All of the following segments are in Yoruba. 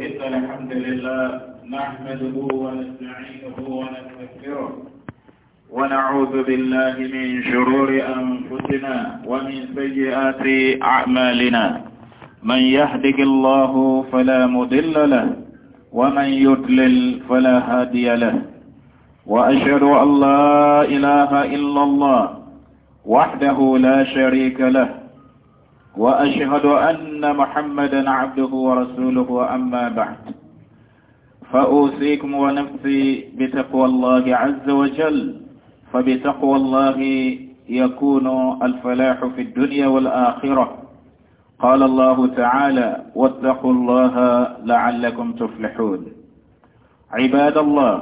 إن الحمد لله نحمده ونستعينه ونستغفره ونعوذ بالله من شرور أنفسنا ومن سيئات أعمالنا من يهدك الله فلا مضل له ومن يضلل فلا هادي له وأشهد أن لا إله إلا الله وحده لا شريك له وأشهد أن محمدا عبده ورسوله وأما بعد فأوصيكم ونفسي بتقوى الله عز وجل فبتقوى الله يكون الفلاح في الدنيا والآخرة قال الله تعالى واتقوا الله لعلكم تفلحون عباد الله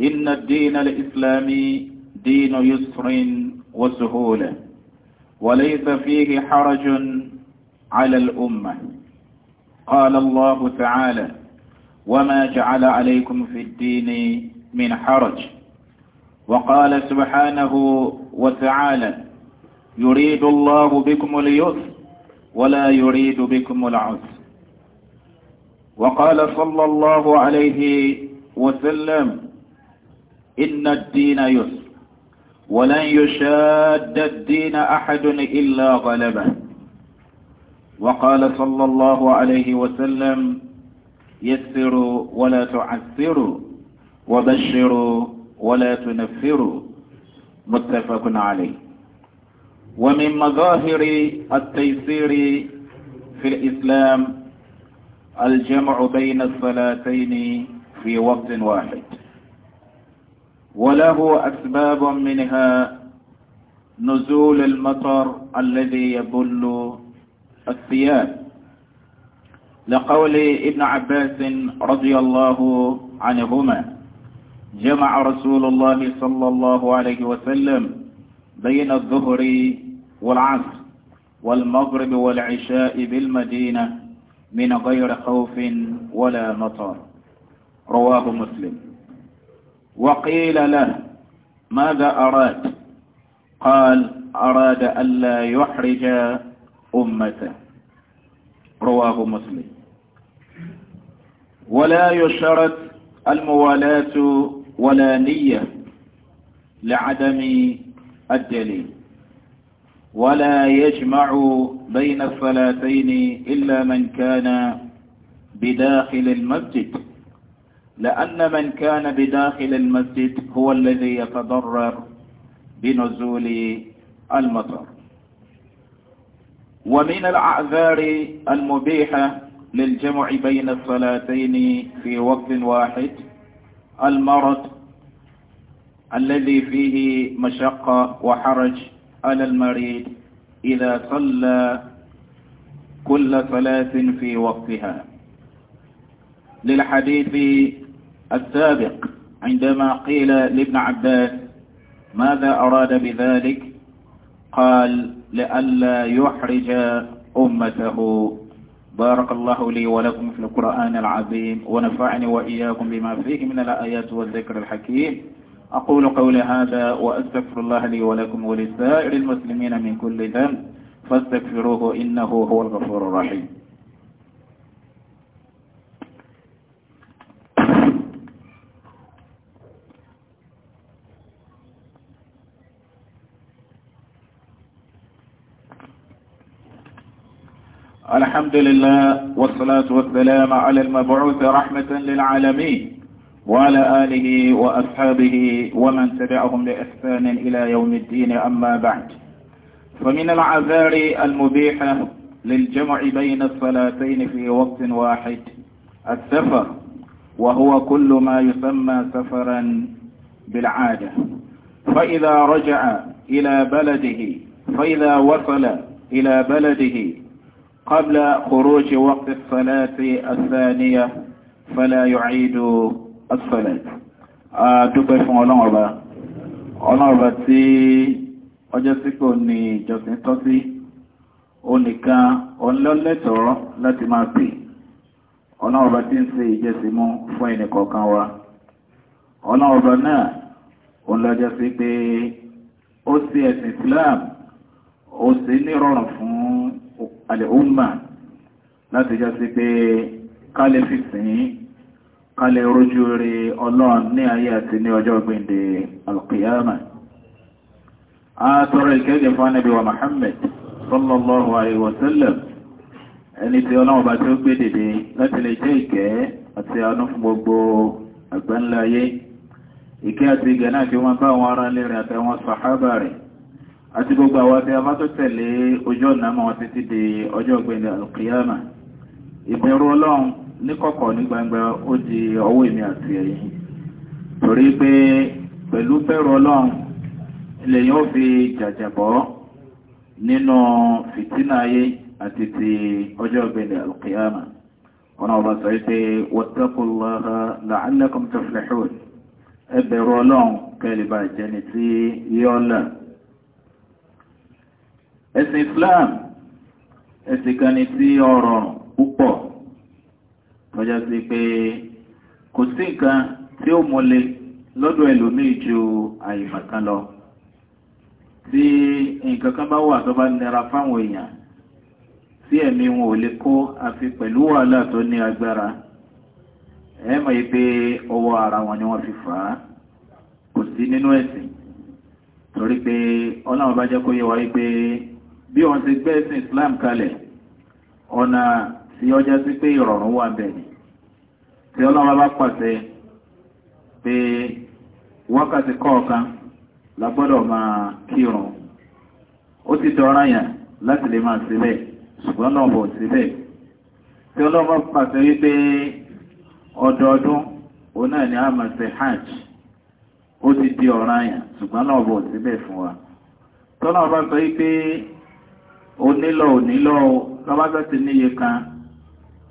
إن الدين الإسلامي دين يسر وسهوله وليس فيه حرج على الأمة قال الله تعالى وما جعل عليكم في الدين من حرج وقال سبحانه وتعالى يريد الله بكم اليسر ولا يريد بكم العسر وقال صلى الله عليه وسلم إن الدين يسر ولن يشاد الدين أحد إلا غلبه وقال صلى الله عليه وسلم يسروا ولا تعسروا وبشروا ولا تنفروا متفق عليه ومن مظاهر التيسير في الإسلام الجمع بين الصلاتين في وقت واحد وله أسباب منها نزول المطر الذي يبل الثياب لقول ابن عباس رضي الله عنهما جمع رسول الله صلى الله عليه وسلم بين الظهر والعصر والمغرب والعشاء بالمدينة من غير خوف ولا مطر رواه مسلم وقيل له ماذا أراد قال أراد ألا يحرج أمته رواه مسلم ولا يشرت الموالاة ولا نية لعدم الدليل ولا يجمع بين الصلاتين إلا من كان بداخل المسجد لأن من كان بداخل المسجد هو الذي يتضرر بنزول المطر ومن الأعذار المبيحة للجمع بين الصلاتين في وقت واحد المرض الذي فيه مشقة وحرج على المريض إذا صلى كل صلاة في وقتها للحديث السابق عندما قيل لابن عباس ماذا أراد بذلك قال لئلا يحرج أمته بارك الله لي ولكم في القرآن العظيم ونفعني وإياكم بما فيه من الآيات والذكر الحكيم أقول قولي هذا وأستغفر الله لي ولكم ولسائر المسلمين من كل ذنب فاستغفروه إنه هو الغفور الرحيم الحمد لله والصلاة والسلام على المبعوث رحمة للعالمين وعلى آله وأصحابه ومن تبعهم لإحسان إلى يوم الدين أما بعد فمن العذار المبيحة للجمع بين الصلاتين في وقت واحد السفر وهو كل ما يسمى سفرا بالعادة فإذا رجع إلى بلده فإذا وصل إلى بلده قبل خروج وقت الصلاة الثانية فلا يعيد الصلاة dúpẹ́ fún ọlọ́run ọba ọlọ́run ọba tí ọjọ́ sípò ní ìjọsìn tọ́ sí onìkan ọlọ́lẹ́tọ̀ọ́ láti máa pè ọlọ́run ọba tí ń ṣe ìjẹsìmú fún ẹnìkọ̀ọ̀kan wa ọlọ́run ọba náà òun lọ́jọ́ sí pé ó ṣe ẹ̀sìn Islam ó ṣe nírọ̀rùn fún àlẹ́hùnmà láti já sí pé kálẹ̀ fi sìn kálẹ̀ rójú rí ọlọ́run ní ayé àti ní ọjọ́ gbìndé alkiyama a tọrọ ìkẹ́gẹ̀ fún anábíwa Muhammad sallallahu alaihi wasallam ẹni tí ọlọ́run bá tí ó gbé dìde láti lè jẹ́ ìkẹ́ àti àánú fún gbogbo àgbáńlá ayé ìkẹ́ àti ìgẹ̀ náà kí wọ́n bá wọn ará lérìn àtàwọn sàhábà rẹ̀ àti gbogbo àwọn abẹ́ amátọ́tẹ̀lé ojú ọ̀nà mọ́ títí di ọjọ́ ọ̀gbẹ́ni alqiyama ìbẹ̀rù ọlọ́run ní kọ̀kọ̀ ní gbangba ó di ọwọ́ èmi àti ẹ̀yin torí pé pẹ̀lú bẹ̀rù ọlọ́run lèyìn ó fi jàjàbọ́ nínú fìtínà ayé àti ti ọjọ́ ọ̀gbẹ́ni alqiyama ọ̀nà ọba sọ pé wattaqullaha la'allakum tuflihun ẹ bẹ̀rù ọlọ́run kẹ́lẹ́ bá ẹ̀sìn Islam ẹ̀sìn kan ní tí ọ̀rọ̀ púpọ̀ lọ́jọ́ sí pé kò sí nǹkan tí ó mọ́lé lọ́dọ̀ ẹlòmíì ju àyèmọ̀kan lọ tí nǹkan kan bá wà tó bá nira fáwọn èèyàn tí ẹ̀mí wọn ò lè kó àfi pẹ̀lú wàhálà tó ní agbára ẹ mọ̀ yìí pé ọwọ́ ara wọn ni wọ́n fi fà á kò sí nínú ẹ̀sìn torí pé ọlọ́run bá jẹ́ kó yé wa pé bí wọ́n ti gbé ẹ̀sìn Islam kalẹ̀ ọ̀nà tí ọjà sí pé ìrọ̀rùn wà bẹ́ẹ̀ ni tí ọlọ́run bá pàṣẹ pé wákàtí kọ̀ọ̀kan la gbọ́dọ̀ máa kírun ó ti dọ̀ràn yàn láti lè máa ṣùgbọ́n náà bọ̀ tí pàṣẹ wípé ọdọọdún òun náà ni hajj ó ti di ọ̀ràn yàn ṣùgbọ́n náà bọ̀ fún wa tọ́lá ọba sọ onílọ onílọ lọ́bàtà ti níye kan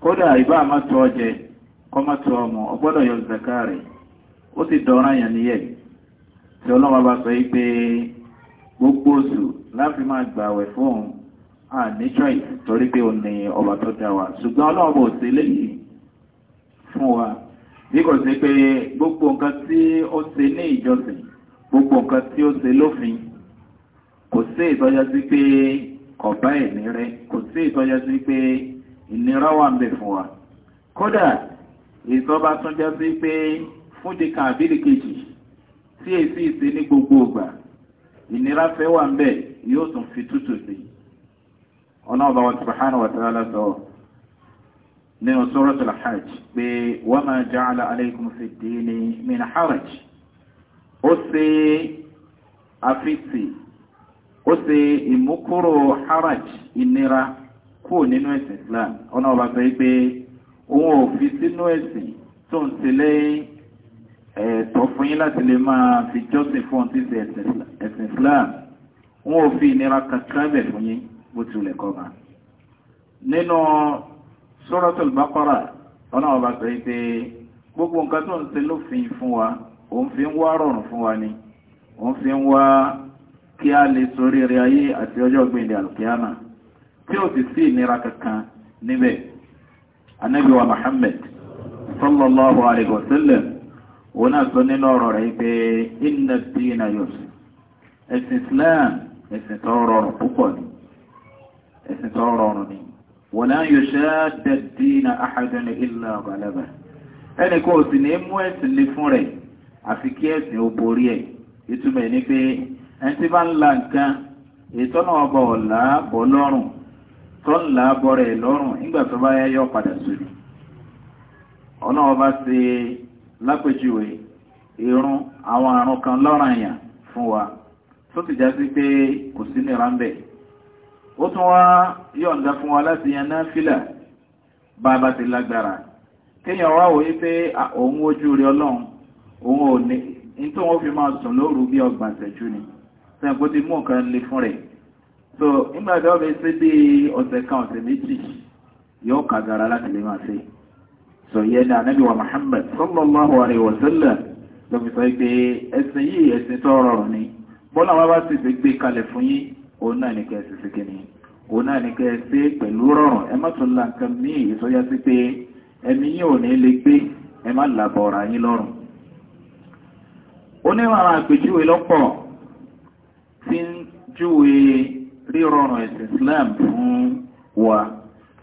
kódà ìbá má tó ọjẹ kọ́ má tó ọmọ ọgbọ́dọ̀ yọ zaka rẹ̀ ó sì dọ̀ràn yàn níyẹ̀ tí ọlọ́wọ́ bá sọ yìí pé gbogbo oṣù láti máa gbààwẹ̀ fún òun à ní choice torí pé òun ni ọba tó dá wa ṣùgbọ́n ọlọ́wọ́ bò sí léyìí fún wa bí kò sí pé gbogbo nǹkan tí ó ṣe ní ìjọsìn gbogbo nǹkan tí ó ṣe lófin kò sí ìtọ́jà sí pé kọ̀bá ẹ̀mí rẹ kò sí ìtọ́jọ́ sí pé ìnira wà ń bẹ̀ fún wa kódà ìtọ́ba tọ́jọ́ sí pé fúnde kan àbílẹ̀ kejì tí èsì ìsìn ní gbogbo ògbà ìnira fẹ́ wà ń bẹ̀ yóò tún fi tútù sí ọlọ́ọ̀bá wa subhanahu wa ta'ala sọ nínú suratul hajj pé wa ma ja'ala alaykum fid-dini min haraj ó ṣe àfitì ó ṣe ìmúkúrò haraj ìnira kúrò nínú ẹ̀sìn islam ọ̀nà ọba sọ pé òun ò fi sínú ẹ̀sìn tó ń tilẹ̀ ẹ̀tọ́ fún yín láti lè máa fi jọ́sìn fún ọtí sí ẹ̀sìn islam òun ò fi ìnira kankan bẹ̀ fún yín bó ti wùlẹ̀ kọ́ ma. nínú suratul baqara ọ̀nà ọba sọ pé gbogbo nǹkan tó ń ṣe lófin fún wa òun fi ń wá rọrùn fún wa ni òun fi ń wá kí a lè sórí rẹ̀ ayé àti ọjọ́ gbìndì alkiyama tí ó ti sí ìnira kankan níbẹ̀ Ànábì wa Muhammad sallallahu alayhi wa sallam òun náà sọ nínú ọ̀rọ̀ rẹ̀ pé inna dina yusr ẹ̀sìn Islam ẹ̀sìn tó rọrùn púpọ̀ ni ẹ̀sìn tó rọrùn ni wala yushadda ad-dina ahadun illa ghalaba ẹnì kan ò sì ní mú ẹ̀sìn lé fún rẹ̀ àfi kí ẹ̀sìn ó borí ẹ̀ ìtumọ̀ ní pé ẹni tí bá ń la nǹkan ètò náà ọ̀la bọ̀ lọ́rùn tó ń la bọ̀ lọ́rùn nígbà tó bá yá yọ padà irun àwọn àrùn kan lọ́ràn àyàn fún wa tó ti já sí pé kò sí nira ń bẹ̀ ó tún wá yọ̀ǹda fún wa láti yan náà fìlà bá a bá ti lágbára kéèyàn wá wòye pé òun ojú ọlọ́run òun ò ní ní fi máa sùn lóru bí sẹ́yìnkó ti mú nǹkan lè fún rẹ̀ so nígbà tí wọ́n fi ṣe bí ọ̀sẹ̀ kan ọ̀sẹ̀ méjì yóò kàgàrà láti lè máa ṣe so yẹn ní anábì wa Muhammad sallallahu alayhi wa sallam ló fi sọ pé ẹsìn yìí ẹsìn tó rọrùn ni bọ́lá wọn bá sì ti gbé kalẹ̀ fún yín òun náà ní kẹsì sí kìíní òun náà ní kẹsì pẹ̀lú rọrùn ẹ má tún la nǹkan míì ìsọyá sí pé ẹ̀mí yín ò ní lè gbé ẹ má làbọ̀ ọ̀rọ̀ yín lọ́rùn. ó àwọn àpèjúwe lọ́pọ̀ tí ń júwe rírọrùn ẹ̀sìn Islam fún wa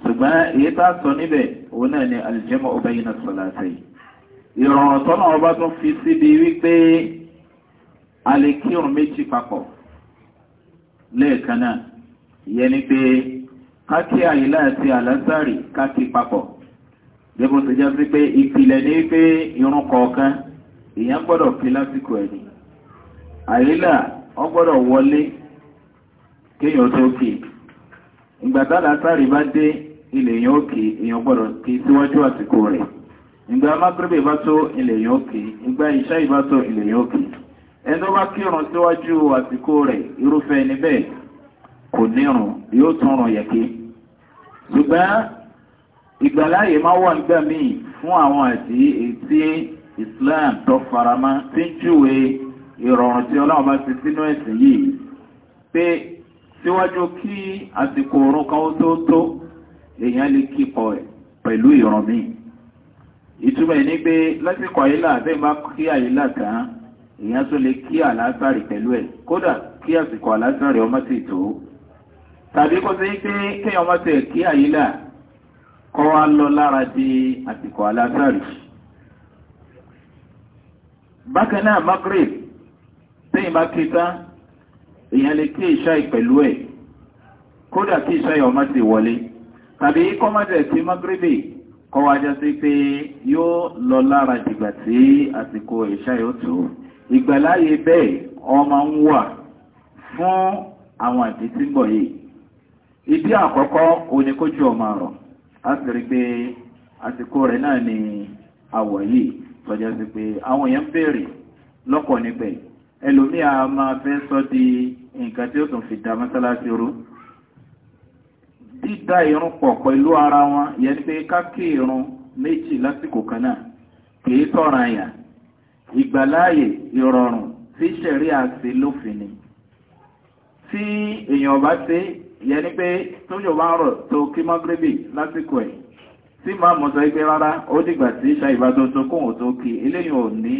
ṣùgbọ́n èyí tá a sọ níbẹ̀ òun náà ni alìjẹ́mọ̀ ọba yìí náà sọ láti ìrọ̀rùn tọ́nà ọba tún fi síbi wípé a lè kírun méjì papọ̀ lẹ́ẹ̀kan náà ìyẹn ni pé kákí àyílá àti àlásàrì kákí papọ̀ yẹ́bù tó jẹ́ sí pé ìpìlẹ̀ ní pé irun kọ̀ọ̀kan èèyàn gbọ́dọ̀ fi lásìkò ẹ̀ ní àyílá wọ́n gbọ́dọ̀ wọlé kéèyàn tó kì ìgbà tálà sáré bá dé ilẹ̀ èèyàn òkè èèyàn gbọ́dọ̀ kì síwájú àsìkò rẹ̀ ìgbà mágírèbè bá tó ilẹ̀ èèyàn òkè ìgbà ìṣá ìbá tó ilẹ̀ èèyàn òkè ẹni tó bá kírun síwájú àsìkò rẹ̀ irúfẹ́ ẹni bẹ́ẹ̀ kò nírun yóò tún rùn yẹ̀kí ṣùgbọ́n ìgbàláyè máa wà nígbà míì fún àwọn àti ètí Islam tó faramá tí ń júwèé ìrọ̀rùn tí ọlọ́run bá ti sínú ẹ̀sìn yìí pé síwájú kí àsìkò oorun kan ó tó tó èèyàn lè kíkọ ẹ̀ pẹ̀lú ìrọ̀rùn míì ìtumọ̀ ẹ̀ ní pé lásìkò àyílà bẹ́ẹ̀ bá kí àyílà tán èèyàn tó lè kí àlásàrì pẹ̀lú ẹ̀ kódà kí àsìkò àlásàrì ọmọ sì tó tàbí kó sí pé kéèyàn ọmọ tẹ̀ kí àyílà kọ́ wa lọ lára di àsìkò àlásàrì bákan náà Maghrib tẹ́yìn bá ké tán èèyàn lè kí ìṣáì pẹ̀lú ẹ̀ kódà kí ìṣáì ọmọ ti wọlé tàbí kọ́mọ́dẹ̀ sí mọ́gírìbì kọ́ wa jẹ́ sí pé yóò lọ lára dìgbà tí àsìkò ìṣáì ó tó ìgbàláyé bẹ́ẹ̀ ọmọ ń wà fún àwọn àti tí ń bọ̀ yìí ìdí àkọ́kọ́ òní ọmọ rọ̀ á sì rí pé àsìkò rẹ̀ náà ni àwọ̀ yìí tọ́jà sí pé àwọn èèyàn ń béèrè lọ́pọ̀ níbẹ̀ yìí ẹlòmí a máa fẹ́ sọ di nǹkan tí ó tún fi dá mọ́sálásí rú dídá irun pọ̀ pẹ̀lú ara wọn yẹn ni pé kákí irun méjì lásìkò kan náà kìí tọ̀ràn àyà ìgbàláàyè ìrọ̀rùn tí ṣẹ̀rí àti lófin ni tí èèyàn bá ṣe yẹn ni pé tóyọ̀ bá ń rọ̀ tó kí mọ́gírẹ́bì lásìkò ẹ̀ tí máa mọ̀ sọ ipé rárá ó dìgbà tí ṣá ìbátótó kóhùn tó kí eléyìn ò ní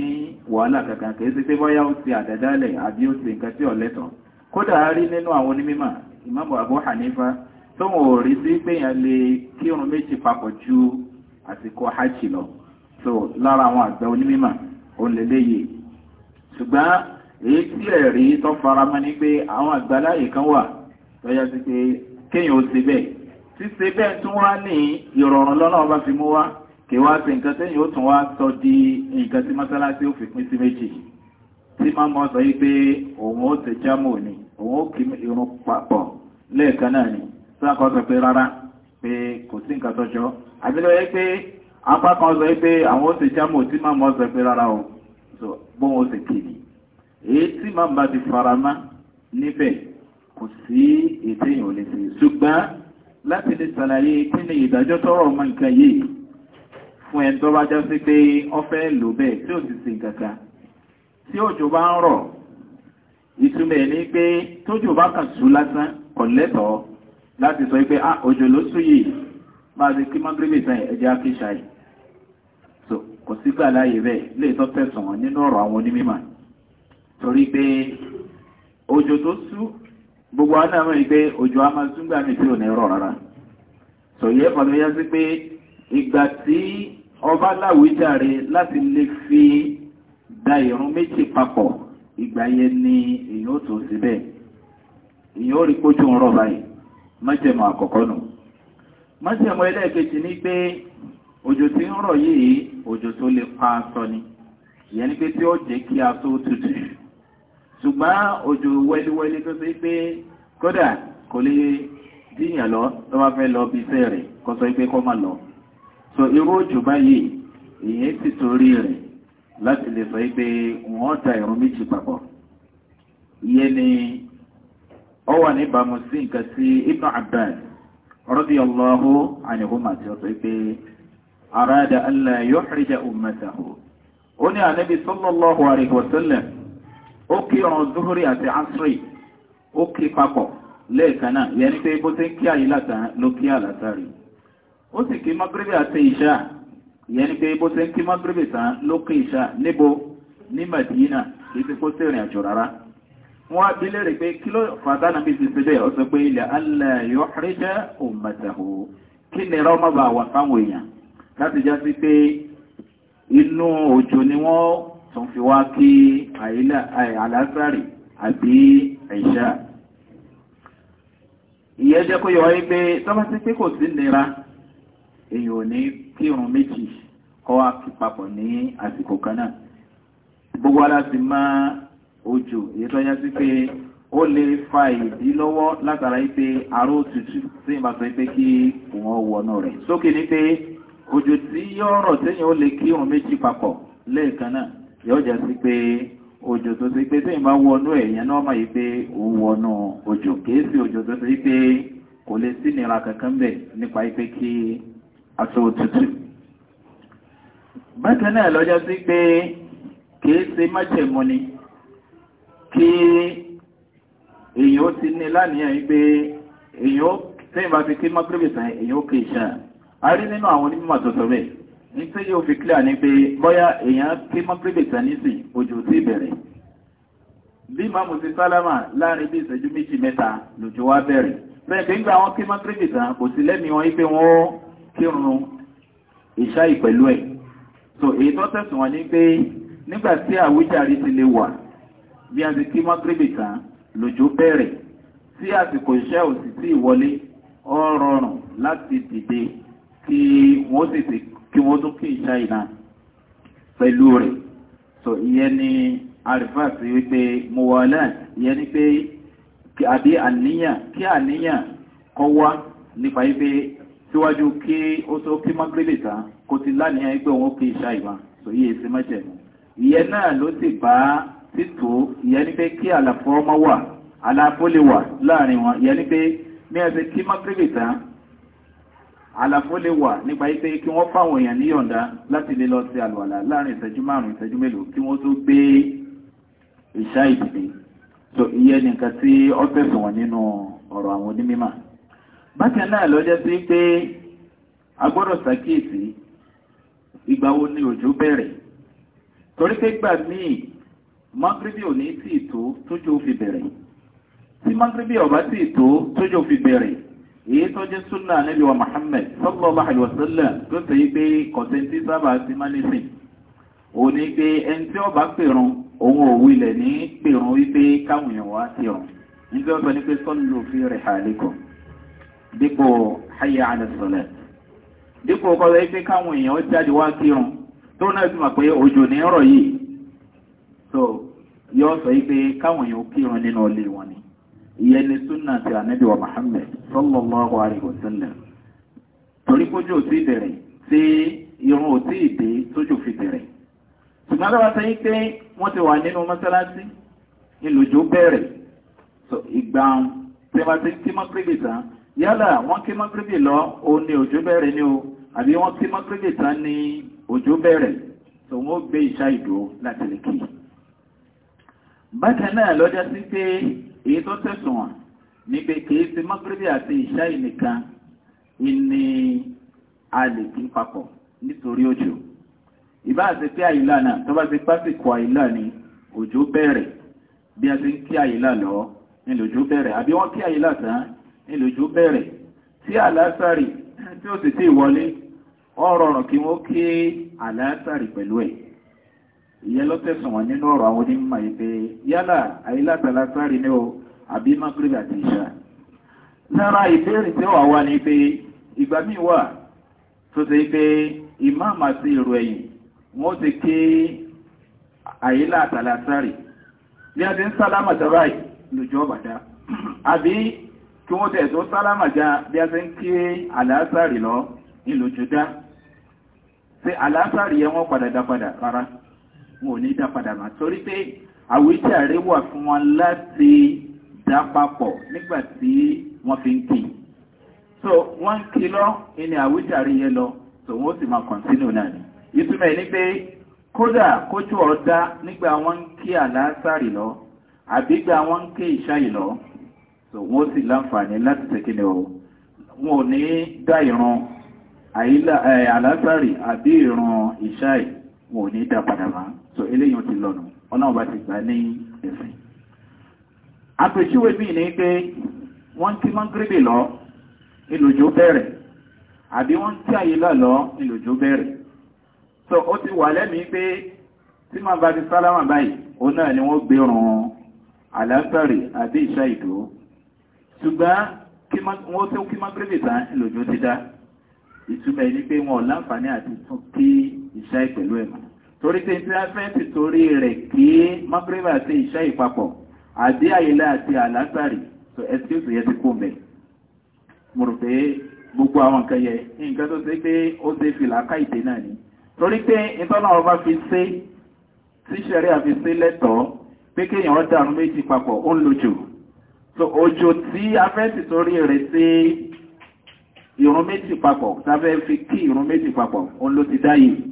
wàhálà kankan kìí sí pé bóyá ó ti àdádálẹ̀ àbí ó ti nǹkan tí ọ̀lẹ́tọ̀ kódà rí nínú àwọn onímímọ̀ ìmáàmù Abu Hanifa tóhùn ò rí sí pé yẹn lè kírun méjì papọ̀ ju àsìkò hajj lọ so lára àwọn àgbà onímímọ̀ ò lè léyè ṣùgbọ́n èyí tí ẹ̀rí tó faramọ́ ni pé àwọn àgbàláyè kan wà tó yẹ sí pé kéèyàn ó ti bẹ́ẹ̀ ṣíṣe bẹ́ẹ̀ tún wá ní ìrọ̀rùn lọ́nà ọba fi mú wá kí wá sí nǹkan tẹ́yìn ó tún wá sọ di nǹkan tí mọ́sálásí ó fi pín sí méjì tí máa mọ́ sọ yí pé òun ó ti jámù ni òun ó kí irun papọ̀ lẹ́ẹ̀kan náà ni sáàkọ́ sọ pé rárá pé kò sí nǹkan tọ́jọ́ àbílẹ̀ yẹ pé apá kan sọ pé àwọn ó ti jámù tí máa mọ́ sọ pé rárá o bóun ó ti kì ní èyí tí máa bá ti fara mọ́ níbẹ̀ kò sí ètè láti lè sàlàyé kí ni ìdájọ́ tọ́rọ ọmọ nǹkan yìí fún ẹni tó bá já sí pé ọfẹ́ lò bẹ́ẹ̀ tí ò sì sí kankan tí òjò bá ń rọ̀ ìtumọ̀ ẹ̀ pé tójò bá kàn sú lásán kò lẹ́tọ̀ọ́ láti sọ pé ah òjò ló sú yìí máa di kí mágírèmì sàn ẹ̀jẹ̀ àkíṣà yìí so kò sí gbà láàyè bẹ́ẹ̀ lè tọ́ tẹ̀sán nínú ọ̀rọ̀ àwọn onímọ̀ torí pé òjò tó sú gbogbo àwọn náà rí òjò a máa tún gbà tí ò ní rọ̀ rárá sòye pàtó yá sí pé ìgbà tí ọba láwùjáre láti lè fi da ìrún méjì papọ̀ ìgbà yẹn ni èèyàn ó tó síbẹ̀ èèyàn ó rí kójú ń rọ̀ báyìí májẹ̀mú àkọ́kọ́ nù pé òjò tí ń yìí òjò tó lè pa aṣọ ni ìyẹn ni pé tí ó kí aṣọ tutù ṣùgbọ́n òjò wẹliwẹli tó ṣe pé kódà kò lè díyàn lọ tó bá fẹ́ lọ bí iṣẹ́ kó sọ pé kó má lọ so irú òjò báyìí èyí sì torí rẹ̀ láti lè sọ pé wọ́n ta ìrun méjì papọ̀ ìyẹn ni ó wà níbàámu sí nǹkan sí Ibn Abbas radiyallahu anhuma tí ó sọ pé arada an la yuhrija ummatahu ó ní ànábi sallallahu alaihi wasallam ó kí ọ̀run zuhuri àti asri ó kí papọ̀ lẹ́ẹ̀kan náà yẹn pé bó ti ń kí àyè látàn ló kí àlàtàrí ó sì kí magrebi àti ìṣá yẹn pé bó ti ń kí magrebi tán ló kí ìṣá níbo ní madina kì kó sí ìrìn àjò rárá wọ́n á bí lérè pé kí ló fàdá náà bí ti ṣe bẹ́ẹ̀ ọ̀sẹ̀ pé ilẹ̀ allah yuhrija ummatahu kí ni rọ́ọ̀mà bá wà fáwọn èèyàn láti já sí pé inú òjò ni wọ́n tó fi wá kí àlásàrì àbí ẹ̀ṣà ìyẹn jẹ́ kó yọ wáyé pé tọ́ba sí pé kò sí nira èyàn ò ní kírun méjì kọ́ wá kí papọ̀ ní àsìkò kan náà gbogbo ara sì máa òjò èyí tó yá sí pé ó lè fa ìdí lọ́wọ́ látara pé aró tutù tí ìbá pé kí wọ́n wọnú rẹ̀ sókè ní pé òjò tí yọ̀ọ̀rọ̀ téèyàn ó lè kírun méjì papọ̀ lẹ́ẹ̀kan náà yóò jẹ́ sí pé òjò tó sí pé tí ìmá wọnú èèyàn náà máa yí pé ó wọnú òjò kìí sí òjò tó sí pé kò lè sí nira kankan bẹ̀ nípa ipé kí aṣọ òtútù bákan náà lọ́jọ́ sí pé kìí sí májẹ̀mú ni kí èèyàn ó ti ní lánìyàn yí pé èèyàn ó tẹ́yìn bá fi kí mọ́gírẹ́bì tán èèyàn kì í ṣáà a rí nínú àwọn onímọ̀ tó bẹ́ẹ̀ ní pé yóò fi clear ni pé bóyá èèyàn ké mọ́ pébèsà nísìn ojú ti bẹ̀rẹ̀ bí màmú ti sálámà láàrin bí ìṣẹ́jú méjì mẹ́ta lòjò wá bẹ̀rẹ̀ bẹ́ẹ̀ pé nígbà wọn ké mọ́ pébèsà kò sí lẹ́mìí wọn pé wọ́n kírun ìṣáì pẹ̀lú ẹ̀ so èyí tó tẹ̀sùn wọn ni pé nígbà tí àwíjàre ti lè wà bí a ti kí mọ́gírèbì tán lòjò bẹ̀rẹ̀ tí àsìkò iṣẹ́ ò sì tí ìwọlé ọ láti dìde kí wọ́n sì ti kí wọ́n tó kí ìṣá ìlà pẹ̀lú rẹ̀ so ìyẹn ni àrífà sí wípé mo wà láti ìyẹn ni pé àbí àníyàn kí àníyàn kọ́ wá nípa wípé síwájú kí ó tó kí mágbélé ta kó ti lánìyàn wípé òun kí ìṣá ìlà so ìyẹn ti mẹ́jẹ̀ mọ́ ìyẹn náà ló sì bá títò ìyẹn ni pé kí àlàfo ọmọ wà àlàfo lè wà láàrin wọn ìyẹn ni pé ní ẹsẹ̀ kí mágbélé ta àlàfo lè wà nípa ipé kí wọ́n fáwọn èèyàn níyọ̀ǹda láti lè lọ sí àlùwàlà láàrin ìṣẹ́jú márùn-ún ìṣẹ́jú mélòó kí wọ́n tó gbé ìṣá ìdìde so iye nìkan tí ó tẹ̀sùn wọn nínú ọ̀rọ̀ àwọn onímọ̀ bákan náà lọ́jọ́ sí pé a gbọ́dọ̀ ṣàkíyèsí ìgbà wo ni òjò bẹ̀rẹ̀ torí pé gbà míì mọ́gíríbì ò ní tì tó tójò fi bẹ̀rẹ̀ tí mọ́gíríbì ọ̀bá èyí tó jẹ́ súnà Ànábì wa Muhammad sallallahu alaihi wasallam tó sọ yí pé kọ̀tẹ́ntì sábà sí mánìsìn ò ní pé ẹni tí ó bá pèrún òun ò wílẹ̀ ní pèrún wípé káwọn èèyàn wá sí ọ̀run nígbà wọn sọ ní pé sallu fi rihalikum dípò hayya ala salat dípò kọ́ lọ pé káwọn èèyàn jáde wá kírun tó náà fi mọ̀ pé òjò ní ọ̀rọ̀ yìí so yóò sọ yí pé káwọn èèyàn kírun nínú ilé wọn ni ìyẹn ni súnà ti ànábì wa Muhammad sallallahu alayhi wa sallam torí kójú ò tí ì bẹ̀rẹ̀ tí irun ò tí ì dé tójú fi bẹ̀rẹ̀ ṣùgbọ́n lọ́wọ́ sẹ́yìn pé wọ́n ti wà nínú mọ́sálásí ìlòjó bẹ̀rẹ̀ ìgbà tí wọ́n ti kí mọ́kírìbì tán yálà wọ́n kí mọ́kírìbì lọ òun ni òjò bẹ̀rẹ̀ ni o àbí wọ́n kí mọ́kírìbì tán ni òjò bẹ̀rẹ̀ tó wọ́n gbé ìṣá ìdó láti lè kí. bákan náà lọ́jọ́ sí pé èyí tó tẹ̀sùn wọn níbi kìí ṣe mọ́gíríbì àti ìṣáì nìkan ìní àlèkí papọ̀ nítorí òjò ìbá àti pé àyílà náà tó bá ti pásìkò àyílà ni òjò bẹ̀rẹ̀ bí a ti ń kí àyílà lọ nílòjò bẹ̀rẹ̀ àbí wọ́n kí àyílà tán nílòjò bẹ̀rẹ̀ tí àlásàrì tí ó sì ti wọlé ọ̀rọ̀ ọ̀rọ̀ kí wọ́n kí àlásàrì pẹ̀lú ẹ̀ ìyẹn ló tẹ̀sùn wọn nínú ọ̀rọ̀ àwọn onímọ̀ yìí pé yálà àyílátàlá sáré ní o àbí magreth àti ìṣá. lára ìbéèrè tí wàá wá ni pé ìgbà míì wà tó ṣe pé ìmáàmù àti èrò ẹ̀yìn wọ́n ti ké àyílátàlá sáré bí a ti ń sálámà dára yìí lójú ọ̀bàdá àbí kí wọ́n tẹ̀ tó sálámà já bí a ti ń ké àlàásàrì lọ ìlòjú dá ṣe àlàásàrì yẹn wọ́n padà dá padà rárá wọn ò ní dá padà mọ́ torí pé àwíjàre wà fún wọn láti dá papọ̀ nígbà tí wọ́n fi ń kì í so wọ́n ń kì í lọ ìní àwíjàre yẹn lọ so wọ́n sì máa kọ̀ǹtínú náà ni ìtumọ̀ ẹ̀ ni pé kódà kójú ọ̀dá nígbà wọ́n ń kí àlàásàrì lọ àbí gbà wọ́n ń kí ìṣáì lọ so wọ́n sì láǹfààní láti tẹ̀kínlẹ̀ o wọn ò ní dá ìran àlàásàrì àbí ìran ìṣáì wọn ò ní dá padà wá so eléyìí ti lọ́nu ọlọ́run bá ti gbà ní ẹ̀sìn. àpèjúwe mi ni pé wọ́n ti mọ́ngírèbè lọ ìlòjó bẹ̀rẹ̀ àbí wọ́n ti àyè lọ lọ ìlòjó bẹ̀rẹ̀ so ó ti wà lẹ́mìí pé tí màá bá ti sálámà báyìí òun náà ni wọ́n gbé rùn àlásàrè àbí ìṣá ìdó ṣùgbọ́n wọ́n tó kí mọ́ngírèbè tán ìlòjó ti dá ìtumọ̀ ẹni pé wọn ò láǹfààní àti tún kí ìṣá ìpẹ̀lú ẹ̀ torí pé tí a fẹ́ ti torí rẹ̀ kí mọ́kúrẹ́bà àti ìṣá ìpapọ̀ àdé àyílá àti àlásàrì so excuse yẹ ti kú mẹ́ mo rò pé gbogbo àwọn nǹkan yẹ nǹkan tó ṣe pé ó ṣe fìlà ká ìdè náà ni torí pé ìtọ́nà ọba fi ṣe tí ṣẹ̀rí àfi ṣe lẹ́tọ̀ọ́ pé kéèyàn ọ̀dà àrùn méjì papọ̀ ó ń lo so òjò tí a fẹ́ ti torí rẹ̀ ṣe ìrun méjì papọ̀ tá a fẹ́ fi kí ìrun méjì papọ̀ òun ló ti dá yìí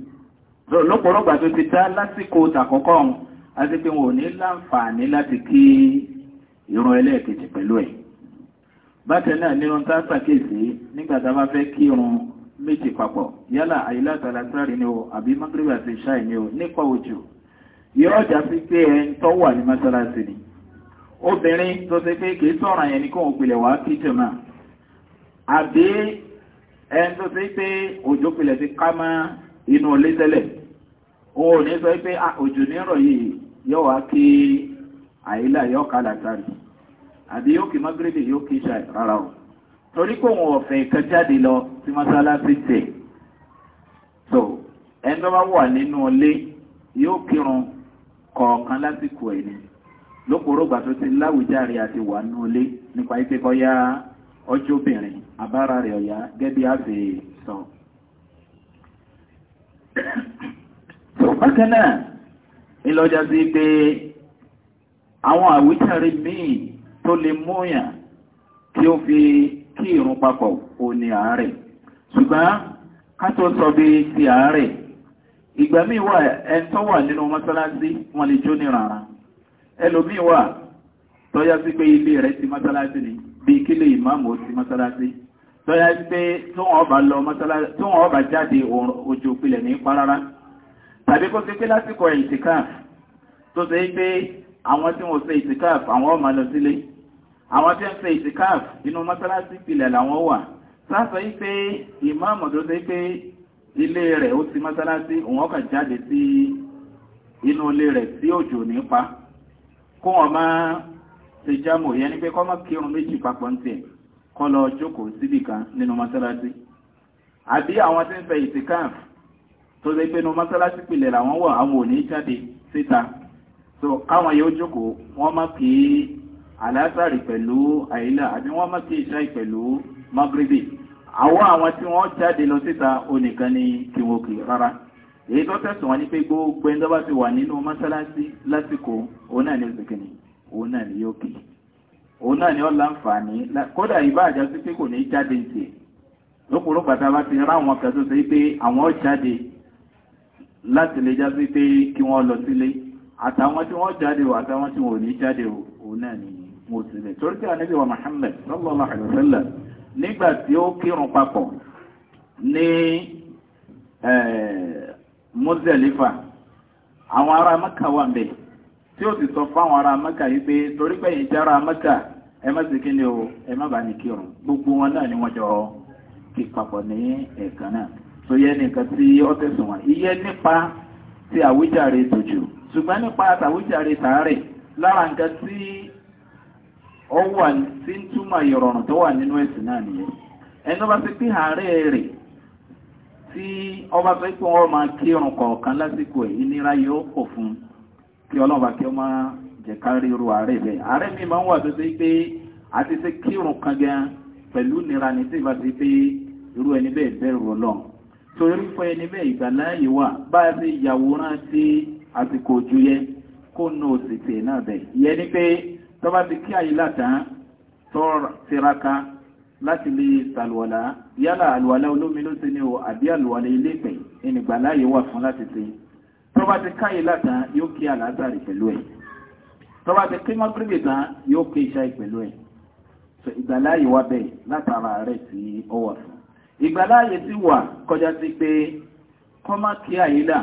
lọ́pọ̀lọpọ̀ tó ti dá lásìkò tàkọ́kọ́ ọ̀hún àti pé wọn ò ní láǹfààní láti kí ìrun ẹlẹ́ẹ̀kejì pẹ̀lú ẹ̀ bákan náà nínú tá a ṣàkíyèsí nígbà tá a bá fẹ́ kí irun méjì papọ̀ yálà àyílátàlá sáré ni o àbí mágírèbì àti ṣáì ni o nípa òjò yóò jà sí pé ẹ ń tọ́ wà ní mọ́ṣáláṣí ni obìnrin tó ṣe pé kì í sọ̀rọ̀ yẹn ni kóun pilẹ̀ wá kí jọ̀mọ́ àbí ẹ tó ṣe pé òjò pilẹ̀ ti ká máa inú ilé tẹ́lẹ̀ òun ò ní sọ pé ah, òjò ní rọ̀ yìí yóò wá kí àyílà yóò kálà sáré àbí yóò kí mágírèdè yóò kí ṣáì rárá o torí kò wọn ọ̀fẹ́ kan jáde lọ sí mọ́sálásí tẹ̀ so ẹni tó bá wà nínú ilé yóò kírun kọ̀ọ̀kan lásìkò ẹ̀ ni lóporógbà tó ti láwùjáre àti wà nínú ilé nípa ìpẹ́kọ̀ọ́yá ọjọ́ obìnrin àbára rẹ̀ ọ̀yá gẹ́gẹ́ bí a fi sọ. So. bákan náà ìlọjà sí pé àwọn àwítàrí míì tó lè múyàn tí ó fi kí ìrun papọ̀ ò ní àárẹ̀ ṣùgbọ́n ká tó sọ bí ti àárẹ̀ ìgbà míì wà ẹni tó wà nínú mọ́sálásí wọn lè jó ní rárá ẹlòmíì wà tọ́já sí pé ilé rẹ̀ ti mọ́sálásí ni bí kílé ìmáàmù ó ti mọ́sálásí tọ́yá pé tí wọ́n bá lọ mọ́sálásí tí wọ́n jáde ojú ìpìlẹ̀ ní parara tàbí kó sí pé lásìkò ìtìkáf tó ṣe pé àwọn tí wọ́n ṣe ìtìkáf àwọn ọmọ lọ sílé àwọn tí wọ́n ṣe ìtìkáf inú mọ́sálásí ìpìlẹ̀ làwọn wà sáàsọ yìí pé ìmáàmù tó ṣe pé ilé rẹ̀ ó ti mọ́sálásí òun ọkà jáde sí inú ilé rẹ̀ tí òjò ní pa kó wọn máa ṣe jámù yẹn ni pé kọ́ kírun méjì papọ̀ ń tiẹ̀ kọ́ lọ jókòó síbì kan nínú mọ́sálásí àbí àwọn tí ń fẹ́ ìtìkáàf tó ṣe pé nínú mọ́sálásí pìlẹ̀ làwọn wọ̀ àwọn ò jáde síta so káwọn yóò jókòó wọ́n má kí àlásàrì pẹ̀lú àìlà àbí wọ́n má kí ìṣáì pẹ̀lú magribi àwọn àwọn tí wọ́n jáde lọ síta onìkan ni kí wọ́n kì rárá èyí tó tẹ̀sùn wọn ni pé gbogbo ẹni tó bá ti wà nínú mọ́sálásí lásìkò òun náà ni ó sì kìnnì òun náà ni yóò kì í òun náà ni ó láǹfààní kódà ìbá àjá sí pé kò ní jáde ìtì lókùnrin bàtà bá ti rá àwọn kan tó ṣe pé àwọn ó jáde láti lè já sí pé kí wọ́n lọ sílé àtàwọn tí wọ́n jáde o àtàwọn tí wọ́n ò ní jáde o òun náà ni mo sílẹ̀ torí pé ànábì wa Muhammad sallallahu alaihi wasallam nígbà tí ó kírun papọ̀ ní eh, Muzdalifa àwọn ará Mẹ́kà wà ńbẹ̀ tí ó sọ fáwọn ará maka yìí pé torí pé jẹ́ ẹ o ẹ má bàa ní gbogbo wọn náà ni jọ kí papọ̀ ní ẹ̀ẹ̀kan náà tó yẹ nìkan tí ó tẹ̀sùn wọn iye nípa ti àwíjàre ṣùgbọ́n nípa lára nǹkan tí ó wà túmọ̀ ìrọ̀rùn tó wà nínú ẹ̀sìn náà nìyẹn ọba ti pín àárẹ̀ rẹ̀ tí ọba fẹ́ pé wọ́n máa kírun kí ọlọ́run bá kí ọ máa jẹ kárí irú ààrẹ bẹ́ẹ̀ ààrẹ mi máa ń wà tó ṣe pé a ti ṣe kírun kan gan pẹ̀lú nira ní tí ìbá ti pé irú ẹni bẹ́ẹ̀ bẹ́ẹ̀ rọ lọ torí fún ẹni bẹ́ẹ̀ ìgbàláyè wà bá a ṣe yàwòrán sí àsìkò ojú yẹ kó nà òsì tè náà bẹ̀ ìyẹn ni pé tó bá ti kí àyè látàn tó tiraka láti lè ṣàlùwàlá yálà àlùwàlá olómi ló ti ní o àbí àlùwàlá ilé ìpè ìnìgbàláyè wà fún láti ṣe tọ́ba ti káyé látàn yóò kí àlàzàrì pẹ̀lú ẹ̀ tọ́ba ti kí mọ́gírìbì tán yóò kí iṣẹ́ pẹ̀lú ẹ̀ ìgbàláyè wá bẹ́ẹ̀ látara rẹ̀ tí ó fún ìgbàláyè ti wà kọjá sí pé kọ́ má kí àyílà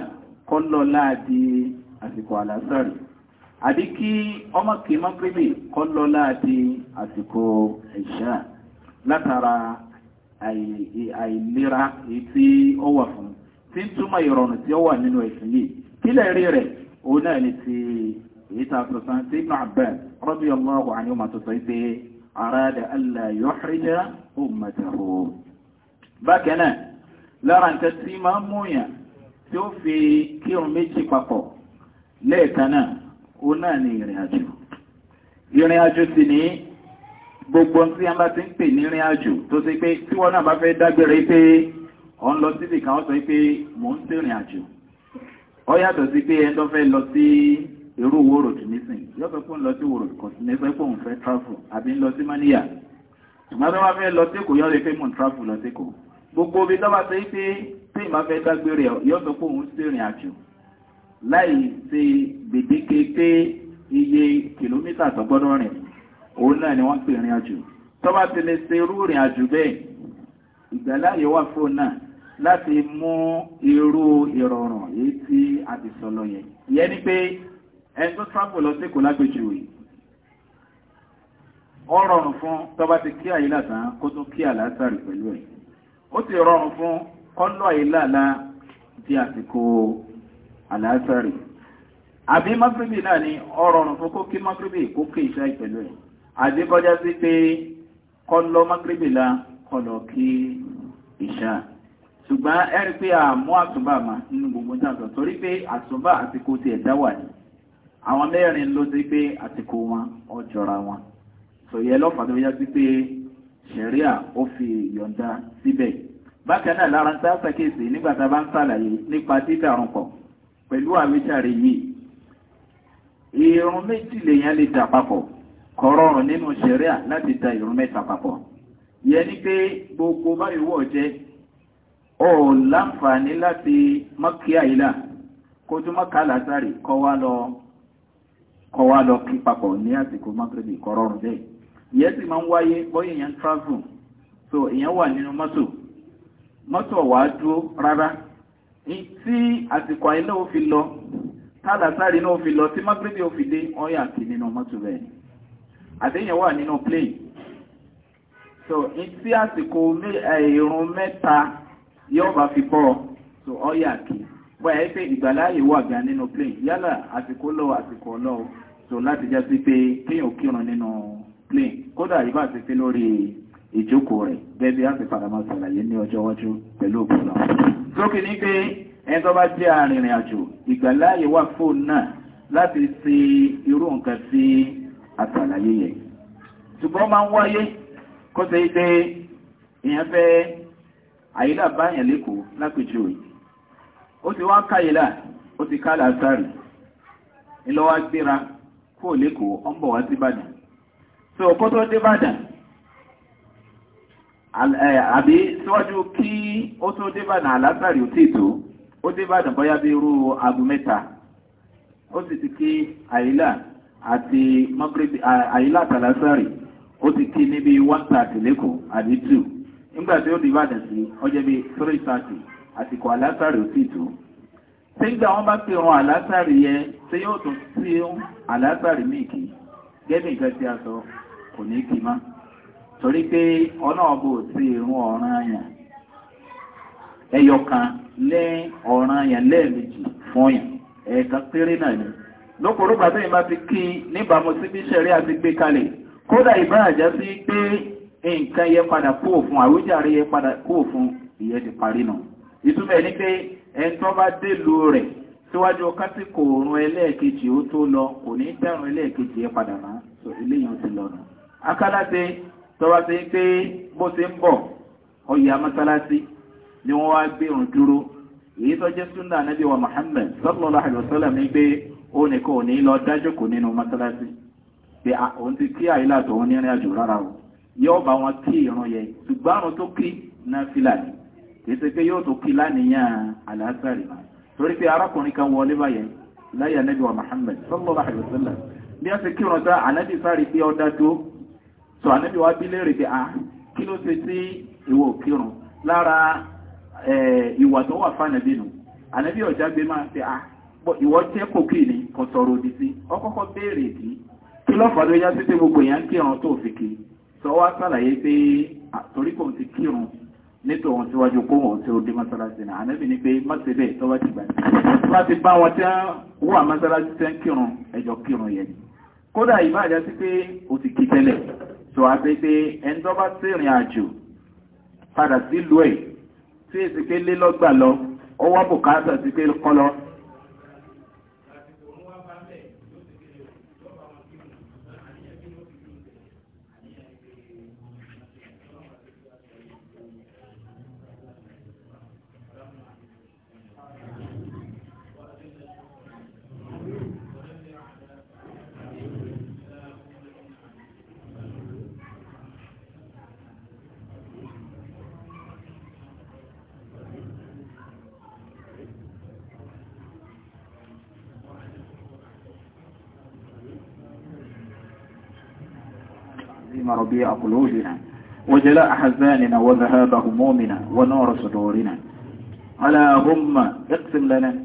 kọ́ lọ láàdí àsìkò àlàzàrì àbí kí ọmọ kí mọ́gírìbì kọ́ lọ láàdí àsìkò ìṣà látara àìlera èyí tí fún tí ń túmọ̀ ìrọ̀rùn tí ó wà nínú ẹ̀sìn yìí kílẹ̀ rí rẹ̀ òun náà ni ti èyí tá a sọ san tí Ibn Abbas radiyallahu anhuma tó sọ pé arada alla yuhrija ummatahu. bákan náà lára nǹkan tí máa ń múyàn tí ó fi kírun méjì papọ̀ lẹ́ẹ̀kan náà òun náà ni ìrìn àjò ìrìn àjò sì ní gbogbo tí a bá ti ń pè ní ìrìn àjò tó ṣe pé tí wọ́n náà bá fẹ́ dágbére pé ọ̀n lọ síbì kan sọ pé mò ń sèrìn àjò ọ yàtọ̀ sí pé ẹjọ́ fẹ́ lọ sí irú wòròdù nísìn yóò fẹ́ fóun lọ sí wòròdù kò sí ní fẹ́ fóun travel àbí ń lọ sí mọ́níyà ṣùgbọ́n tó bá fẹ́ lọ sí kò yọ lè fẹ́ mò ń travel lọ sí kò gbogbo ibi tó bá sọ pé tí ìbá fẹ́ dágbére yóò sọ pé òun sèrìn àjò láì ṣe gbèdéke pé iye kìlómítà tó gbọ́dọ̀ rìn òun náà ni wọ́n pè àjò tó ti lè ṣe irú rìn àjò bẹ́ẹ̀ ìgbàláyè wà fóun náà láti mú irú ìrọ̀rùn èyí tí a ti sọ lọ yẹn ìyẹn ni pé ẹni tó travel lọ sí kò lágbèjúwe ó rọrùn fún tó bá ti kí àyílà tán kó tún kí àlásàrì pẹ̀lú ẹ̀ ó ti rọrùn fún kọ́lọ́ àyílà lá di àsìkò àlásàrì àbí mọ́kìrìbì náà ni ó rọrùn fún kó kí mọ́kìrìbì kó kí ìṣá ìpẹ̀lú ẹ̀ àdékọ́já sí pé kọ́lọ́ mọ́kìrìbì lá kọ́lọ́ kí ìṣá ṣùgbọ́n ẹ̀rí pé àmú àtúbà mà nínú gbogbo jàǹsọ̀ torí pé àtúbà àsìkò ti ẹ̀dá wà ní àwọn mẹ́rin ló ti pé àsìkò wọn ọjọ́ra wọn sòyẹ lọ́fàá tó yá sí pé ṣẹ̀ríà ó fi yọ̀ǹda síbẹ̀ bákan náà lára ń tá sàkíyèsí nígbà tá a bá ń sàlàyé nípa dídàrún pọ̀ pẹ̀lú àwíjàre yìí ìrun méjì lèèyàn lè dà papọ̀ kọ̀rọ̀rùn nínú ṣẹ̀ríà láti da ìrun mẹ́ta papọ̀ yẹ ni pé gbogbo báyìí wọ̀ jẹ́ ó láǹfààní láti mọ́kí àìlà kó tún mọ́kà látàrí kọ́ wá lọ kọ́ wá lọ kí papọ̀ ní àsìkò mọ́kìrìbì kọ́rọ́rùn bẹ́ẹ̀ ìyẹn sì máa ń wáyé bóyá èèyàn travel so èèyàn wà nínú mọ́tò mọ́tò wà á dúró rárá tí àsìkò àìlà ò fi lọ tálàtàrí náà fi lọ tí mọ́kìrìbì ò fi dé ọ̀yà kì nínú mọ́tò bẹ́ẹ̀ àtẹ̀yìn wà nínú plane so ní àsìkò ìrun mẹ́ta yóò bá fi bọ́ so ọ yà kí bọ́ ẹ pé ìgbàláyè wà gan nínú plane yálà àsìkò lọ àsìkò lọ so láti já sí pé kéèyàn kírun nínú plane kódà ìbá ti fi lórí ìjókòó rẹ̀ bẹ́ẹ̀ bí a ti padà máa ṣàlàyé ní ọjọ́ iwájú pẹ̀lú òkúta. sókè ní pé ẹni tó bá jẹ́ arìnrìn àjò ìgbàláyè wà fóònù náà láti ṣe irú nǹkan sí àṣàlàyé yẹn ṣùgbọ́n máa ń wáyé kó ṣe pé èèyàn fẹ́ àyílà báyàn lẹ́kọ̀ọ́ lápèjúwe ó ti wá káyílà ó ti ká làásàrì ìlọ́wà gbéra kó wá sí so ọkọ́ dé Ìbàdàn àbí síwájú kí ó tó dé Ìbàdàn àlàásàrì ò tíì ó dé Ìbàdàn bóyá bí irú aago mẹ́ta ó sì ti kí àyílà àti mọ́gírẹ́bì àyílà àtàlásàrì ó ti kí níbi one àbí two. nígbà tí ó di ìbàdàn sí ọjọ́ bíi three thirty àsìkò àlásàrì ò sì tó sígbà wọn bá pe ohun àlásàrì yẹ tí yóò tún sí ohun àlásàrì míì kì í gẹ́gẹ́ nǹkan tí a sọ kò ní kì í má torí pé ọ̀nà ọ̀bọ̀ ò sí irun ọ̀ràn àyàn ẹyọ kan lẹ́ ọ̀ràn àyàn lẹ́ẹ̀mejì fún yàn ẹ̀ẹ̀kan péré náà ni lóporúgbà tó yẹn bá ti kí níbàámu sí bí àti gbé kalẹ̀ kódà ìbárajà sí pé nǹkan yẹ padà kúrò fún àwíjàre yẹ padà kúrò fún ti parí nù ìtumọ̀ ní pé ẹni bá délùú rẹ̀ síwájú kásìkò òrùn ẹlẹ́ẹ̀kejì ó tó lọ kò ní dárùn ẹlẹ́ẹ̀kejì yẹ padà mọ́ sọ ti lọ nù akálàṣe tọ́wá ṣe pé bó ṣe ń bọ̀ ọyà mọ́sálásí ni wọ́n wá gbé dúró èyí tó súnà nàbí wa Muhammad yóò bá wọn kí ìrun yẹn ṣùgbọ́n àrùn tó kí náà fi lànà kìí ṣe pé yóò tó kí lánìyàn àlàáfíà rẹ̀ torí pé arákùnrin kan wọlé báyẹn láyé anabi wa muhammed sallallahu alayhi wa sallam bí a ṣe kírun ta anabi sáré pé ọdá tó sọ anabi wa bí léèrè pé ah kí ló ṣe sí ìwọ kírun lára ìwà tó wà fànàbí nù anabi ọjà gbé máa ṣe ah ìwọ jẹ kòkì ni kò sọ̀rọ̀ òdì sí ọkọkọ béèrè kí kí ló fà yá sí pé gbogbo yẹn kírun tó fi kí tó wá sàlàyé pé torí kò ti kírun nítorí wọn síwájú kó wọn tí ó dé mọ́sálásí náà ànábì ni pé mọ́sẹ̀ bẹ́ẹ̀ tó bá ti gbà ní. wọ́n ti bá wọn tí wọ́n wà mọ́sálásí tẹ́ ń kírun ẹjọ́ kírun yẹn ni. kódà ìbá àjá sí pé o ti kí tẹ́lẹ̀ tó a pé pé ẹni tó bá sìnrìn àjò padà sílùú ẹ̀ tí èsì pé lé lọ́gbà lọ ó bùkátà sí pé kọ́ lọ وتم ربيع قلوبنا وجلاء حزاننا وذهاب همومنا ونور صدورنا على هم اقسم لنا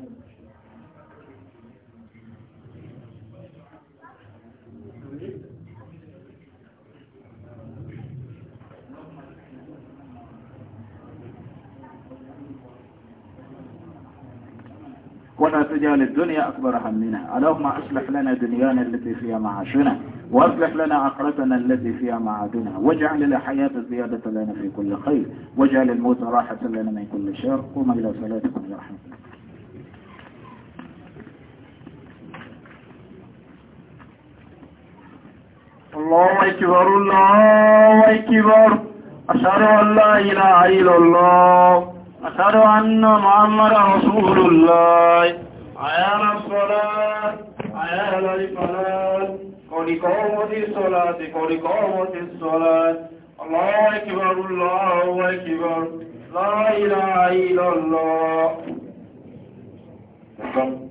ولا تجعل الدنيا أكبر همنا اللهم أصلح لنا دنيانا التي فيها معاشنا وأصلح لنا آخرتنا التي فيها معادنا واجعل الحياة زيادة لنا في كل خير واجعل الموت راحة لنا من كل شر قوم إلى صلاتكم ورحمة الله أكبر الله أكبر أشهد أن لا إله إلا الله أشهد أن محمدا رسول الله عيال الصلاة عيال الصلاة قد قامت الصلاة قد قامت الصلاة الله أكبر الله أكبر لا إله إلا الله